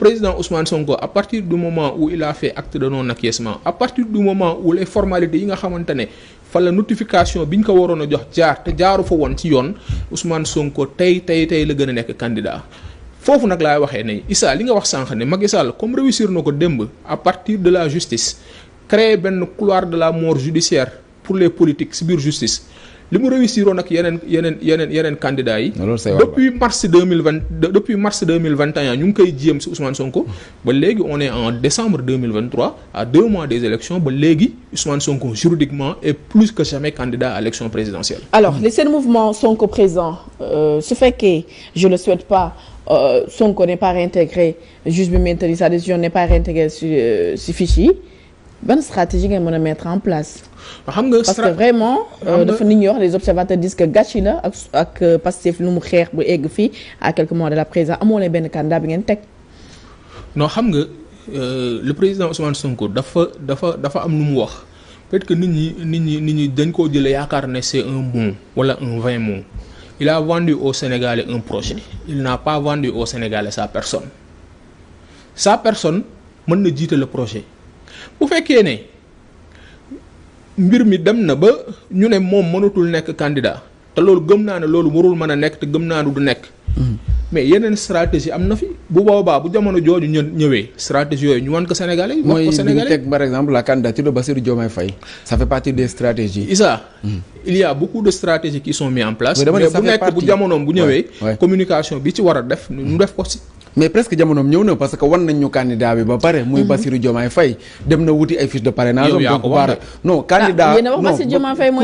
président Ousmane Sonko à partir du moment où il a fait acte de non acquiescement à partir du moment où les formalités yi nga xamante ne fa la notification bi ñu ko waroon a jox jaar te jaaru fa woon ci yoon Ousmane Sonko tey tey tey la gën a nekk candidat. foofu nag laay waxee ne Issa li nga wax sànq ne Macky Sall comme réussir na ko démb à partir de la justice créer benn couloir de la mort judiciaire pour les politiques ci biir justice. li mu réussiroon ak yeneen yeneen yeneen yeneen candidats yi. depuis mars deux mille vingt depuis mars deux mille vingt et un ñu ngi koy jéem si Ousmane Sonko. ba léegi on est en décembre deux mille vingt trois à deux mois des élections ba léegi Ousmane Sonko juridiquement est plus que jamais candidat à l'élection présidentielle. alors les seen mouvement Sonko présent su euh, fekkee je le souhaite pas. Euh, Sonko n'est pas réintégré juge bi maintenu sa décision n'est pas réintégrée si ban stratégie ngeen mën a mettre en place. xam nga parce que vraiment. Euh, dafa nit ñi wax les observateurs disent que gâchis la ak ak euh, Pastef lu mu xeex bu egg fii à quelques mois de la présidence amoo leen benn candidat bi ngeen teg. non xam nga euh, lu président Ousmane Sonko dafa dafa dafa am lu mu wax peut que nit ñi nit ñi nit ñi dañ koo jëlee yaakaar ne c'est un bon wala un vingt mots il a vendu au Sénégalais un projet il n'a pas vendu au Sénégalais sa personne sa personne mën na jiite projet. bu fekkee ne mbir mi dem na ba ñu ne moom mënatul nekk candidat te loolu gëm naa ne loolu warul mën a nekk te gëm naa ne du nekk. Hmm. mais yeneen stratégie am na fi bu boobaa bu jamono jooju ñu ñëwee stratégie yooyu ñu wan ko Sénégalais. wan ko Sénégalais mooy teg par exemple la candidature de Bassirou Diomaye Faye. ça fait partie des stratégies. Issa hmm. il y a beaucoup de stratégies qui sont mises en place. mais bu nekk bu jamonoom bu ñëwee. communication bi ci war a def. ñu def ko si. mais presque jamonoom ñëw na parce que wan nañ ñu candidat bi ba pare. muy mhm. Bassirou Diomaye Faye dem na wuti ay fiche de parrainage. yow yaa ko ah,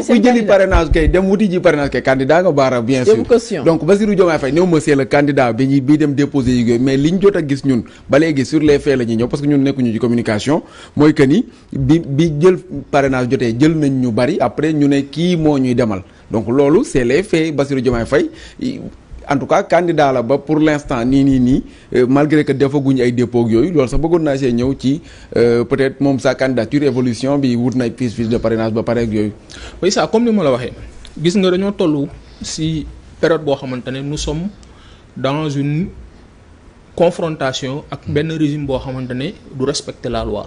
jëli parrainage kay dem wuti ji parrainage kay candidat nga baara bien sûr donc Bassirou Diomaye Faye néew ma c'est le candidat bi dem déposé yi yooyu mais liñ jot a gis ñun ba léegi sur les faits la ñuy ñëw parce que ñun nekkuñu ci communication mooy que ni bi bi jël parrainage jotee jël nañ ñu bari après ñu ne kii moo ñuy demal donc loolu c'est les faits Bassirou Diomaye Faye en tout cas candidat la ba pour l' instant nii nii nii euh, malgré que defaguñ ay dépôt yooyu loolu sax bëggoon naa see ñëw ci euh, peut-être moom sa candidature évolution bi wut na fiche fiche de parrainage ba pare ak yooyu. oui comme ni ma la waxee gis nga dañoo tollu si période boo xamante ne nous sommes dans une confrontation ak benn régime boo xamante ne du respecter la loi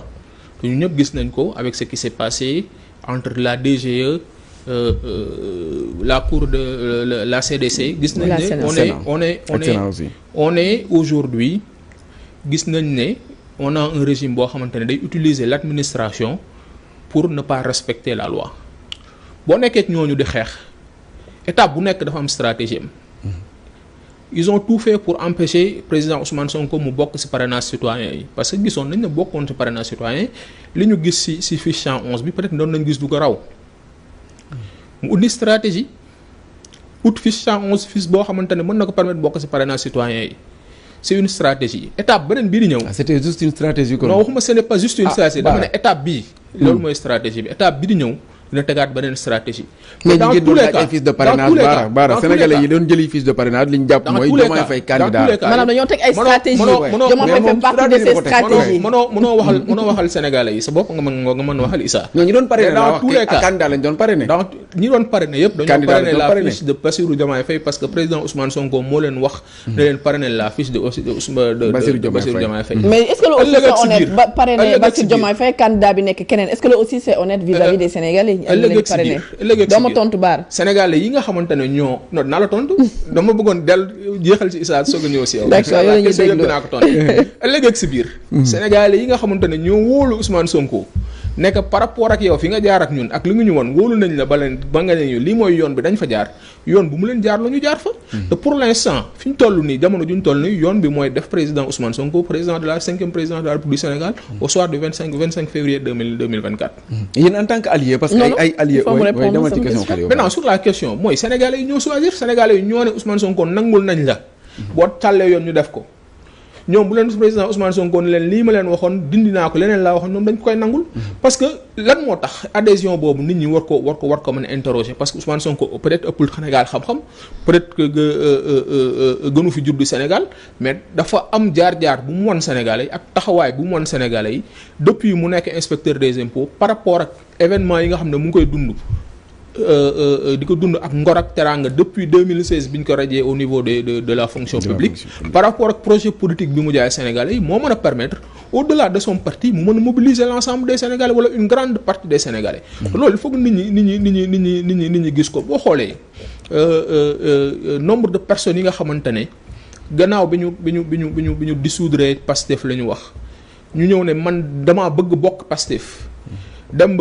te ñu ñëpp gis nañ ko avec ce qui s' est passé entre la DGE. Euh, euh, la cour de la CDC. gis nañ ne on est on est on est on est aujourd'hui gis nañ ne on a un régime boo xamante ne day utiliser l'administration pour ne pas respecter la loi boo nekkee ñooñu di xeex état bu nekk dafa am stratégie am. Mm-hmm. ils ont tout fait pour empêcher président Ousmane Sonko mu bokk ci parrainage citoyen yi parce que gisoon nañ ne bokkoon ci parrainage citoyen li ñu gis ci ci fiche 111 bi peut-être doon nañ gis du ko raw. mu ut ni stratégie ut fiche 111 fiche boo xamante ne mën na ko permettre bokk ci parrainage citoyen yi c' est une stratégie étape beneen bii di ñëw. ah c' était juste une stratégie. waxuma ce n' est pas juste une ah, stratégie. dama ne étape bii. loolu mooy stratégie bi étape bi di ñëw. dina tegaat beneen stratégie. mais ñi ngeen doon laaj ay fiches de parrainage baara baara sénégalais yi doon jëli fiche de parrainage li ñu jàpp mooy Diomaye Faye candidat maanaam dañoo teg ay stratégie Diomaye Faye fait partie de ces stratégies mënoo mënoo waxal mënoo waxal sénégalais yi sa bopp nga mën nga mën waxal Issa ñoo ñi doon parrainé dans tous les cas candidat lañ doon parrainé donc ñi doon parrainé yëpp dañoo parrainé la fiche de Bassirou Diomaye Faye parce que président Ousmane Sonko moo leen wax ne leen parrainé la fiche de Bassirou Diomaye Faye mais est-ce que le aussi c'est honnête parrainé Bassirou Diomaye Faye candidat bi nekk keneen est-ce que le aussi c'est honnête vis-à-vis euh, des sénégalais lañ. ëllëg ak si biir ëllëg ak si biir doo ma tontu baar. sénégalais yi nga xamante ne ñoo non la tontu. dama bëggoon del jeexal si Issa soog a ñëw si yow. d'accord yow la naa ko tontu ëllëg ak si biir. Hmm. sénégalais yi nga xamante ne ñoo wóolu Ousmane Sonko nekk par rapport ak yow fi nga jaar ak ñun ak li nga ñu woon wóolu nañ la ba ba nga ñu lii mooy yoon bi dañ fa jaar yoon bu mu leen jaar la ñu jaar fa. Hmm. te pour l' instant fi ñu toll nii jamono ju ñu toll nii yoon bi mooy def président Ousmane Sonko président de la cinquième président de la République Sénégal. au soir du vingt cinq février deux mille deux mille vingt quatre. Hmm. yéen en tant que parce que ay ay allié mooy sur la question mooy sénégalais hmm. yoon ñu ko ñoom bu leen président Ousmane Sonko ne leen lii ma leen waxoon dindi naa ko leneen laa waxoon ñoom dañ koy nangul. Mhm. parce que lan moo tax adhésion boobu nit ñi war ko war ko war ko mën a interroger parce que Ousmane Sonko peut-être ëppul Sénégal xam-xam peut-être que euh, euh, euh, gënu fi juddu Sénégal mais dafa am jaar-jaar bu mu wan Sénégalais yi ak taxawaay bu mu wan Sénégalais yi depuis mu nekk inspecteur des impôts par rapport ak événement yi nga xam ne mu ngi koy dund. Euh, euh, di ko dund ak ngor ak teraanga depuis 2016 bi ñu ko rajee au niveau de de de la fonction publique par rapport ak projet politique bi mu jaay Sénégalais moo mën a permettre au-delà de son parti mu mën a mobiliser l'ensemble des Sénégalais wala une grande partie des Sénégalais mm-hmm. loolu il faut que nit ñi nit ñi nit ñi nit ñi gis ko boo xoolee euh, nombre de personnes yi nga xamante ne gannaaw bi ñu bi ñu bi ñu bi ñu bi ñu dissoudre Pastef la ñu wax ñu ñëw ne man damaa bëgg bokk Pastef mm-hmm. dem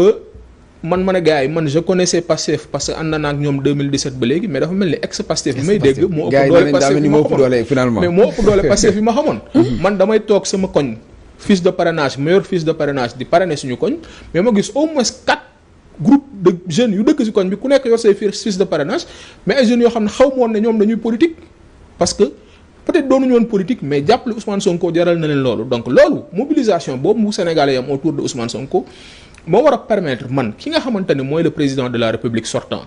man ma ne gars yi man je connaissais Pastef parce que ànd naa ak ñoom 2017 ba léegi mais dafa mel ni ex Pastef bi may dégg moo ëpp doole Pastef bi ma xamoon mais moo ëpp doole Pastef bi ma xamoon man damay toog sama koñ fiche de parrainage meilleur fiche de parrainage di parrainer suñu koñ mais ma gis au moins quatre groupe de jeunes yu dëkk si koñ bi ku nekk yor say fiche de parrainage mais ay jeunes yoo xam ne xaw moon ne ñoom dañuy politique parce que peut-être doonuñu woon politique mais jàppale Ousmane Sonko jaral na leen loolu donc loolu mobilisation boobu mu Sénégalais yi am autour de Ousmane Sonko moo war a permettre man ki nga xamante ne mooy le président de la république sortant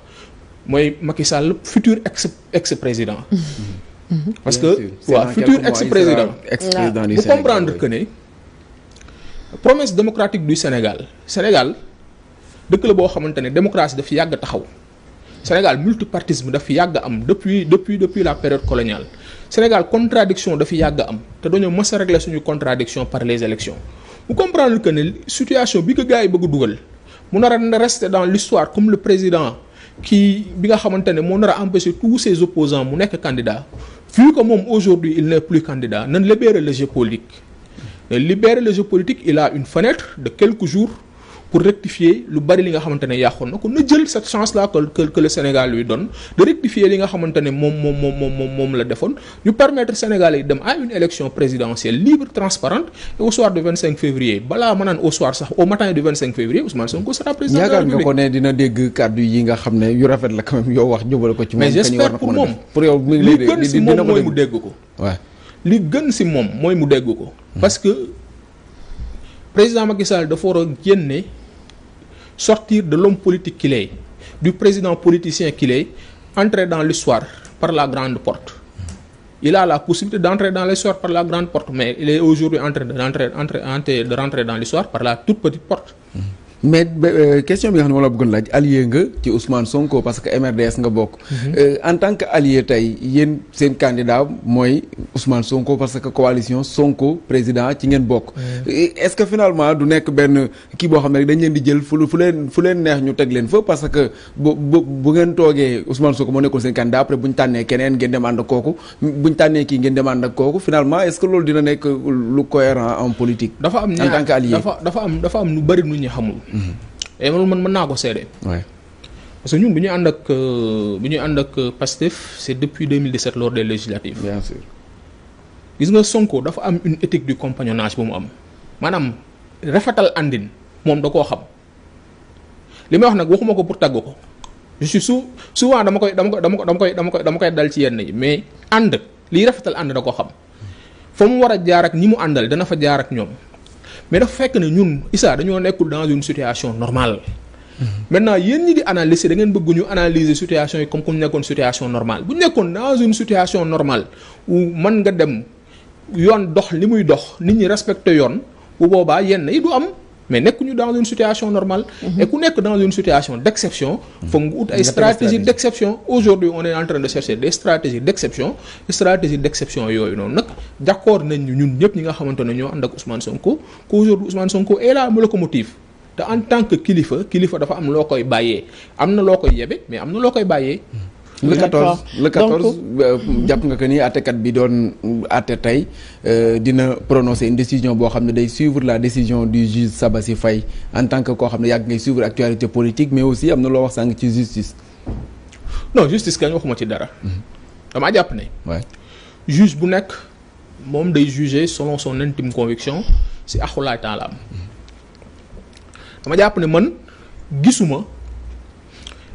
mooy Macky Sall futur ex ex président. Mm-hmm. Mm-hmm. parce que waaw futur ex président. comprendre que ne promesse démocratique du Sénégal Sénégal dëkk la boo xamante ne démocratie daf yàgg taxaw. Sénégal multipartisme dafa yàgg am depuis depuis depuis la période coloniale Sénégal contradiction dafa yàgg am te dañoo mës a régler suñu contradiction par les élections mu comprendre que ni situation bi ko gars yi bëgg dugal mu nar a rester dans l'histoire comme le président ki bi nga xamante ne moo nar a empêcher tous ses opposants mu nekk candidat vu que moom aujourd'hui il n'est plus candidat nan libérer le jeu politique libérer le jeu politique il a une fenêtre de quelques jours pour rectifier lu bari li nga xamante ne yàqoon na ko na jël chance là que que Sénégal lui donne de rectifier li nga xamante ne moom moom moom moom moom la defoon ñu permettre Sénégal yi dem à une élection présidentielle libre transparente et au soir du 25 février balaa ma naan au soir sax au matin du 25 février yaakaar nga ko ne dina dégg kàddu yi nga xam ne yu rafet la quand yow wax jubale ko ci moom. mais j'espère pour moom pour yow mi li gën si moom mooy mu dégg ko. waaw li gën si moom mooy mu dégg ko. sortir de l'homme politique qu'il est du président politicien qu'il est entrer dans l'histoire par la grande porte il a la possibilité d'entrer dans l'histoire par la grande porte mais il est aujourd'hui en de rentrer dans l'histoire par la toute petite porte mais euh, question bi nga xam ne moom la bëggoon laaj allié nga ci Ousmane Sonko parce que MRDS nga bokk. Mhm. Euh, en tant que allié tey yéen seen candidat mooy Ousmane Sonko parce que coalition Sonko président ci ngeen bokk. est-ce que finalement du nekk benn kii boo xam ne dañ leen di jël fu fu leen fu leen neex ñu teg leen fa parce que bu bu ngeen toogee Ousmane Sonko moo nekkoon seen candidat après bu ñu tànnee keneen ngeen dem ànd ak kooku bu ñu tànnee kii ngeen finalement est-ce que loolu dina nekk lu cohérent en politique. dafa am en tant am dafa am lu bari nu ñu xamul. et loolu man mën naa ko seede. parce que ñun bu ñuy ànd ak euh, bu ñuy ànd ak Pastef c'est depuis 2017 lors des de bien sûr gis nga Sonko dafa am une éthique du compagnonnage bu mu am maanaam rafetal àndin moom da koo xam li may wax nag waxuma ko pour tàgg ko su su sou souvent dama koy dama koy dama koy dama koy dama koy dal ci yenn yi mais ànd lii rafetal ànd da koo xam fa mu war a jaar ak ñi mu àndal dana fa jaar ak ñoom. mais dafa fekk ne ñun Issa dañoo nekkul dans une situation normale. maintenant yéen ñi di analyser da ngeen bëgg ñu situation yi comme ku nekkoon situation normale bu nekkoon dans une situation normale où man nga dem yoon dox li muy dox nit ñi respecté yoon bu boobaa yenn yi du am. mais nekkuñu dans une situation normale. et ku nekk dans une situation d' exception. foog nga ut ay stratégie d' aujourd'hui on est en de chercher des stratégies d' exception stratégie d' yooyu noonu nag d' accord nañ ñun ñëpp ñi nga xamante ne ñoo ànd ak Ousmane Sonko que aujourd'hui Ousmane Sonko est la locomotive. te en tant que kilifa kilifa dafa am loo koy bàyyee am na loo koy yebe mais am na loo koy bàyyee. le 14 le 14 euh, jàpp nga que ni àttekat bi doon àtte tey euh, dina prononcer une décision boo xam ne day suivre la décision du juge si Faye en tant que koo xam ne yàgg ngay suivre actualité politique mais aussi am na loo wax sànq ci justice. non justice kañ waxuma ci dara. Mhm. damaa jàpp ne. waay juge bu nekk moom day juger selon son intime conviction si axulaay temps la mhm. jàpp ne man gisuma.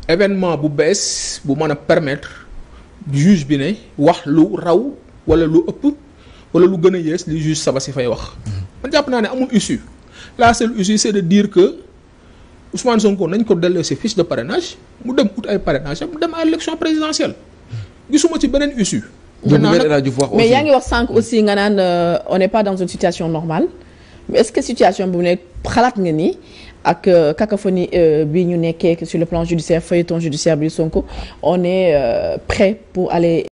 événement bu bees bu mën a permettre juge bi ne wax lu raw wala lu ëpp wala lu gën a yées li juge si fay wax. Mm-hmm. man jàpp naa ne amul issue la seule issue c' est de dire que Ousmane Sonko nañ ko delloo si fiche de parrainage mu dem ut ay parrainage am dem à l' élection présidentielle mm-hmm. gisuma ci beneen issue. mais yaa ngi wax sànq aussi nga naan euh, on n'est pas dans une situation normale mais est ce que situation bu nekk xalaat nga nii ak euh, cacophonie euh, bi ñu nekkee sur le plan judiciaire feuilleton judiciaire bi Sonko on est euh, prêt pour aller